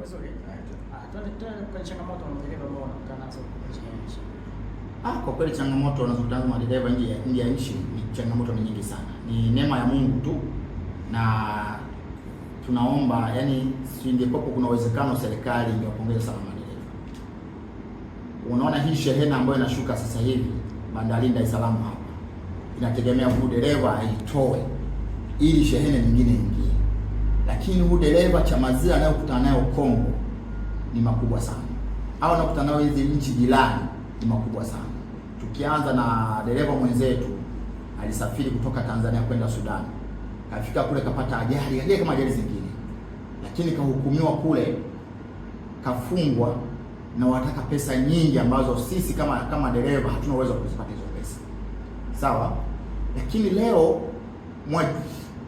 vizuri. Ah, ah, tuende kwenye changamoto na madereva ambao wanakutana nazo nje ya nchi. Ah, kwa kweli changamoto wanazokutana nazo madereva nje ya nchi ni changamoto ni nyingi sana, ni neema ya Mungu tu na tunaomba yani, singekuwapo kuna uwezekano serikali ingewapongeza sana madereva. Unaona hii shehena ambayo inashuka sasa hivi bandarini Dar es Salaam hapa inategemea huyu dereva aitoe ili shehena nyingine ingie lakini huu dereva cha maziwa anayokutana nayo Kongo ni makubwa sana, au anakutana nayo hizi nchi jirani ni makubwa sana. Tukianza na dereva mwenzetu alisafiri kutoka Tanzania kwenda Sudan, kafika kule kapata ajali, ajali kama ajali zingine, lakini kahukumiwa kule, kafungwa na wataka pesa nyingi ambazo sisi kama kama dereva hatuna uwezo wa kuzipata hizo pesa, sawa. Lakini leo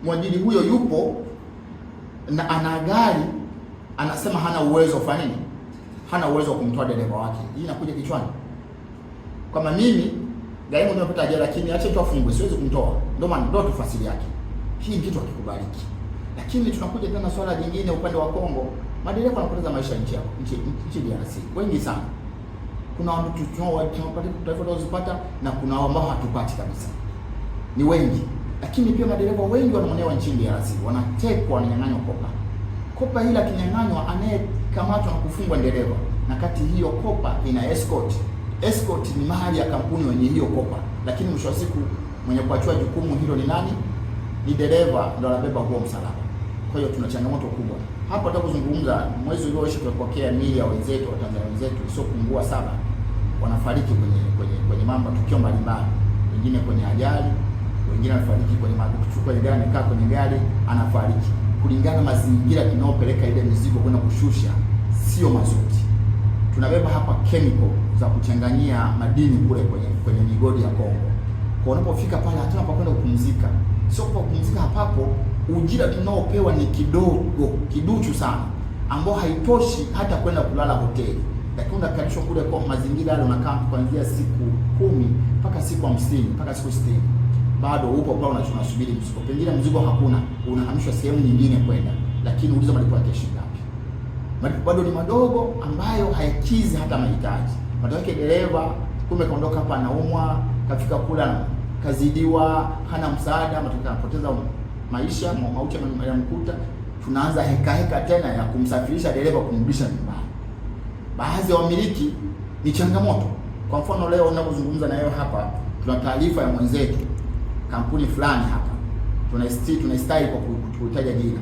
mwajiri huyo yupo na ana gari anasema hana uwezo wa kufanya nini? Hana uwezo wa kumtoa dereva wake. Hii inakuja kichwani kama mimi gari moja imepata ajali, lakini acha tu afungwe, siwezi kumtoa. Ndio maana ndio tafsiri yake. Hii kitu hakikubaliki. Lakini tunakuja tena swala jingine, upande wa Kongo madereva wanapoteza maisha nchi yao, nchi nchi DRC wengi sana. Kuna watu tunao watu tunapata taifa tunazopata na kuna ambao hatupati kabisa, ni wengi. Lakini pia madereva wengi wanaonewa nchini DRC, wanatekwa, wananyang'anywa kopa. Kopa hili akinyang'anywa, anayekamatwa na kufungwa dereva, na kati hiyo kopa ina escort. Escort ni mahali ya kampuni wenye hiyo kopa, lakini mwisho wa siku mwenye kuachua jukumu hilo ni nani? Ni dereva, ndo anabeba huo msalaba. Kwa hiyo tuna changamoto kubwa hapo. Nataka kuzungumza, mwezi ulioisha tumepokea miili ya wenzetu wa Tanzania wenzetu isiyopungua saba wanafariki kwenye kwenye kwenye mambo, tukio mbalimbali, wengine kwenye ajali wengine wanafariki kwenye matukio kwenye gari, amekaa kwenye gari anafariki. Kulingana na mazingira inayopeleka ile mizigo kwenda kushusha, sio mazuri. Tunabeba hapa chemical za kuchanganyia madini kule kwenye kwenye migodi ya Kongo. Kwa unapofika pale, hatuna pa kwenda kupumzika, sio kwa kupumzika hapapo. Ujira tunaopewa ni kidogo kiduchu sana, ambao haitoshi hata kwenda kulala hoteli lakini unakalishwa kule kwa mazingira yale, unakaa kuanzia siku kumi mpaka siku hamsini mpaka siku sitini bado upo pale unasubiri mzigo, pengine mzigo hakuna, unahamishwa sehemu nyingine kwenda, lakini uliza malipo yake shilingi ngapi? Malipo bado ni madogo, ambayo hayakizi hata mahitaji. Matokeo yake dereva kumbe kaondoka hapa anaumwa, kafika kula kazidiwa, hana msaada, matokeo anapoteza maisha, mauti yanamkuta. Tunaanza heka heka tena ya kumsafirisha dereva kumrudisha nyumbani. Baadhi ya wamiliki ni changamoto. Kwa mfano leo ninapozungumza na wewe hapa, tuna taarifa ya mwenzetu kampuni fulani hapa, tunaistahili kwa kutaja jina.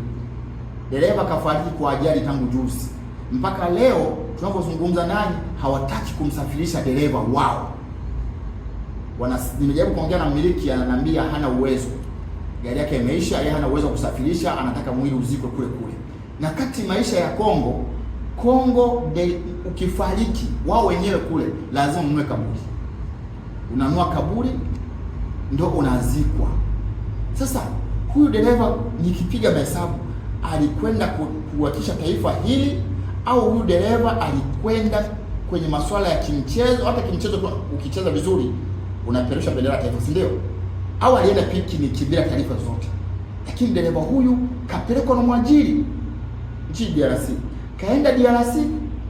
Dereva kafariki kwa ajali tangu juzi mpaka leo tunapozungumza nanyi, hawataki kumsafirisha dereva wao. Wana, nimejaribu kuongea na mmiliki, ananiambia hana uwezo, gari yake imeisha, yeye hana uwezo wa kusafirisha, anataka mwili uzikwe kule kule. Na kati maisha ya Kongo Kongo de, ukifariki wao wenyewe kule lazima unue kaburi, unanua kaburi ndo unazikwa. Sasa huyu dereva nikipiga mahesabu, alikwenda kuhakikisha taifa hili, au huyu dereva alikwenda kwenye masuala ya kimchezo? Hata kimchezo ukicheza vizuri unapeperusha bendera ya taifa, si ndio? Au alienda ni bila taarifa zote, lakini dereva huyu kapelekwa na mwajiri nchini DRC, kaenda DRC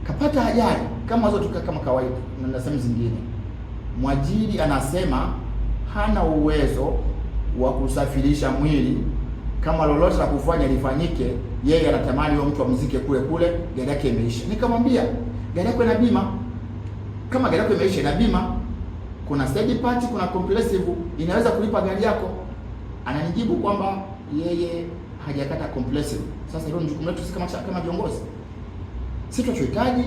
kapata ajali kama zote kama kawaida na sehemu zingine, mwajiri anasema hana uwezo wa kusafirisha mwili, kama lolote la kufanya lifanyike, yeye anatamani huyo mtu amzike kule kule, gari yake imeisha. Nikamwambia gari yako ina bima, kama gari yako imeisha ina bima, kuna third party, kuna comprehensive inaweza kulipa gari yako. Ananijibu kwamba yeye hajakata comprehensive. Sasa hilo ni jukumu letu kama cha, kama viongozi, sisi tunachohitaji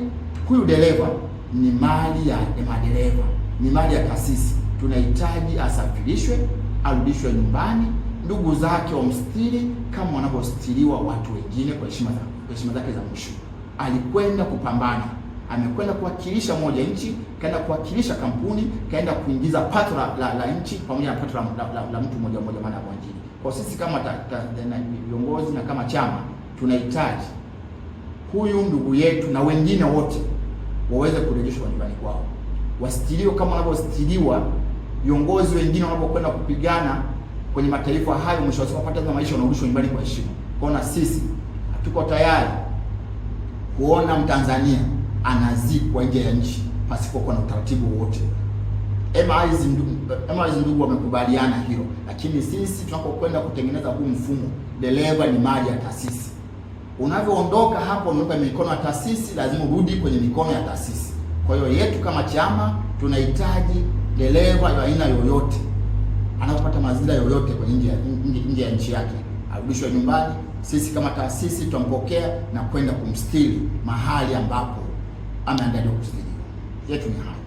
huyu dereva ni mali ya madereva, ni mali ya kasisi tunahitaji asafirishwe, arudishwe nyumbani, ndugu zake wamstiri kama wanavyostiriwa watu wengine kwa heshima zake heshima zake za mwisho. Alikwenda kupambana, amekwenda kuwakilisha moja nchi, kaenda kuwakilisha kampuni, kaenda kuingiza pato la, la, la nchi pamoja na pato la, la, la, la mtu moja moja, maana ya Injili. Kwa sisi kama viongozi na kama chama tunahitaji huyu ndugu yetu na wengine wote waweze kurejeshwa nyumbani kwao, wasitiliwe kama wanavyostiliwa viongozi wengine wanapokwenda kupigana kwenye mataifa hayo, mwisho wa siku wanapata maisha, wanarudishwa nyumbani kwa heshima. Kwaona sisi hatuko tayari kuona Mtanzania anazikwa nje ya nchi pasipokuwa na utaratibu wote. MIs ndugu wamekubaliana hilo, lakini sisi tunapokwenda kutengeneza huu mfumo, dereva ni mali ya taasisi. Unavyoondoka hapo, unaweka mikono ya taasisi, lazima urudi kwenye mikono ya taasisi. Kwa hiyo yetu kama chama tunahitaji dereva ya aina yoyote anapopata madhara yoyote kwenye nje ya nchi yake arudishwe nyumbani. Sisi kama taasisi tutampokea na kwenda kumstiri mahali ambapo ameandaliwa kustiriwa. Yetu ni hapa.